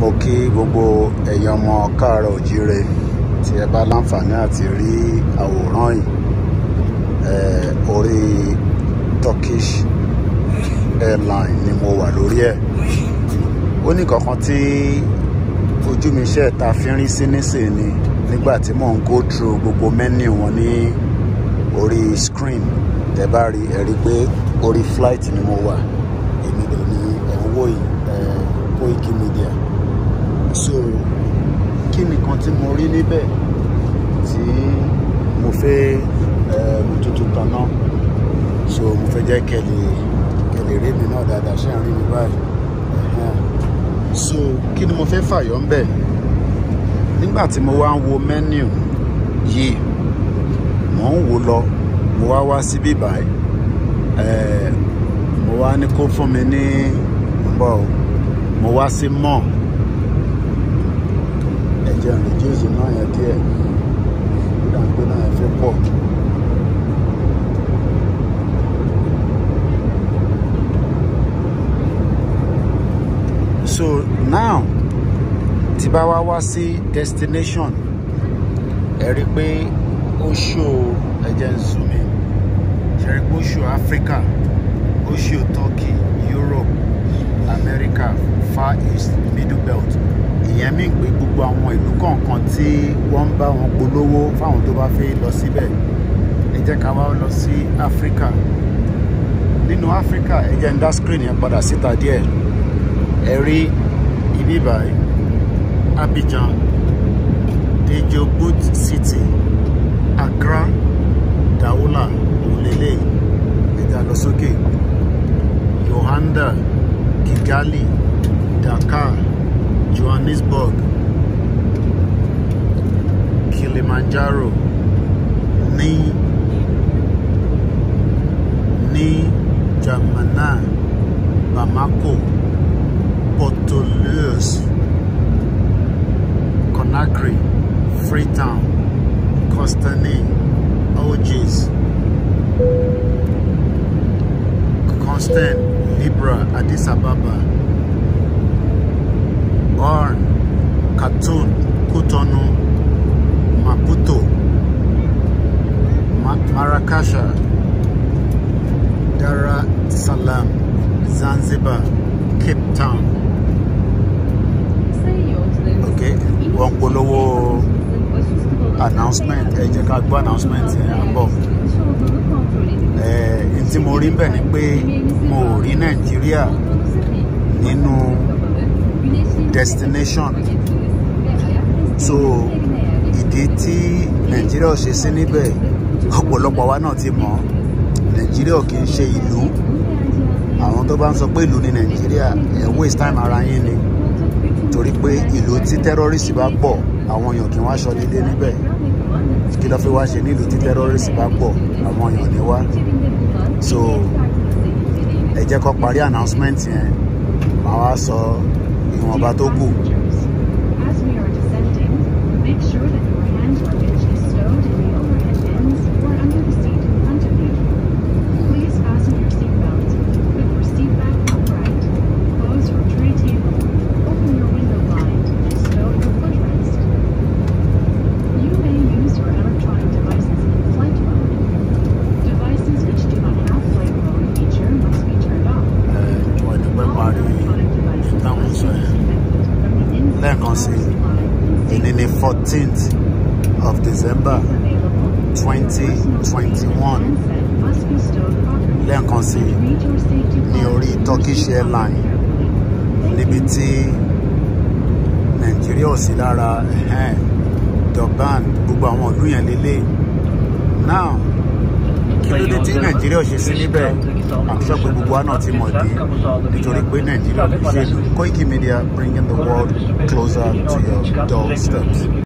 mo kí gbogbo ẹ̀yàn ọmọ káàárọ̀ òjíire tí ẹ bá láǹfààní àti rí àwòrán yìí orí Turkish airline ni mo wà lórí ẹ̀ ó ní kankan tí ojú mi ṣe ta fi ń rí sí nísìnyí nígbà tí mò ń go through gbogbo menu wọn ní orí screen tẹ bá rí ẹ rí pé orí flight ni mo wà èmi lò ní ẹ̀wọ́ yìí. Koiki Media so kí nìkan tí mo rí níbẹ̀ tí mo fẹ́ eh, tuntun kan náà so mo fẹ́ jẹ́ kẹ́lẹ̀ kẹ́lẹ̀ rí mi náà dáadáa ṣé à ń rí mi báyìí so kí ni mo fẹ́ fàyọ ń bẹ̀ nígbà tí mo wá ń wo menu yìí mò ń wò lọ mo wá wá síbí báyìí eh, mo wá ní kó fún mi ní bọ́ọ̀ mo wá sí mọ́ ẹ̀jẹ̀ rìn jíìsì náà yẹn díẹ̀ nígbà pé náà yẹn fi pọ̀ so now tí bá wá wá sí destination ẹ rí i pé ó ṣó ẹ̀jẹ̀ ń zoom ṣe rí i pé ó Africa ó Turkey Europe. America Far East Middle Belt ìyẹn mí pé gbogbo àwọn ìlú kọ̀ọ̀kan tí wọ́n ń bá wọn polówó fáwọn tó bá fẹ́ lọ síbẹ̀ ẹ jẹ́ ká wá lọ sí Africa nínú Africa ẹ jẹ́ ń dá screen yẹn padà síta díẹ̀ ẹ rí ibi báyìí Abidjan Djibouti City Accra Douala òun lélẹ́yìí ẹ já lọ sókè Luanda Kigali, Dakar, Johannesburg, Kilimanjaro ní ní Jamana, Bamako, Port-Louis, Conakry, Freetown, Costane, Algiers, Constant. Ibra, Addis Ababa, Orn, Khartoum, Cotonou, Maputo, Ma Dar es Salaam, Zanzibar, Cape Town. Okay, wọ́n polówó announcement ẹ jẹ́ ká gbọ́ announcement yẹn àbọ̀ tí mo rí bẹ̀ ni pé mo ò rí nàìjíríà nínú destination so ìdí tí nàìjíríà ò ṣe sí níbẹ̀ ọ̀pọ̀lọpọ̀ wa náà ti mọ̀ nàìjíríà ò kì í ṣe ìlú àwọn tó bá ń sọ pé ìlú ni nàìjíríà ẹ̀ waste time ara yín ni torí pé ìlú tí tẹ́rọ́rìsì bá pọ̀ àwọn èèyàn kì í wá aṣọ nílé níbẹ̀ kí ló fi wá ṣe nílùú tí tẹ́rọ́rìsì bá pọ̀ àwọn èèyàn ní wá so ẹ jẹ́ kó parí announcement yẹn màá wá sọ ìwọ̀nba tó kù. lẹ́ẹ̀kan in the 14th of December 2021. twenty one Turkish Airlines Liberty, Nigeria, Nàìjíríà ò sí lára Durban gbogbo àwọn ìlú now kílódé tí nàìjíríà ṣe sí níbẹ̀ àṣọ pé gbogbo àná ti mọ̀ dé nítorí pé nàìjíríà kò ṣe Koiki Media bringing the world closer to your doorstep.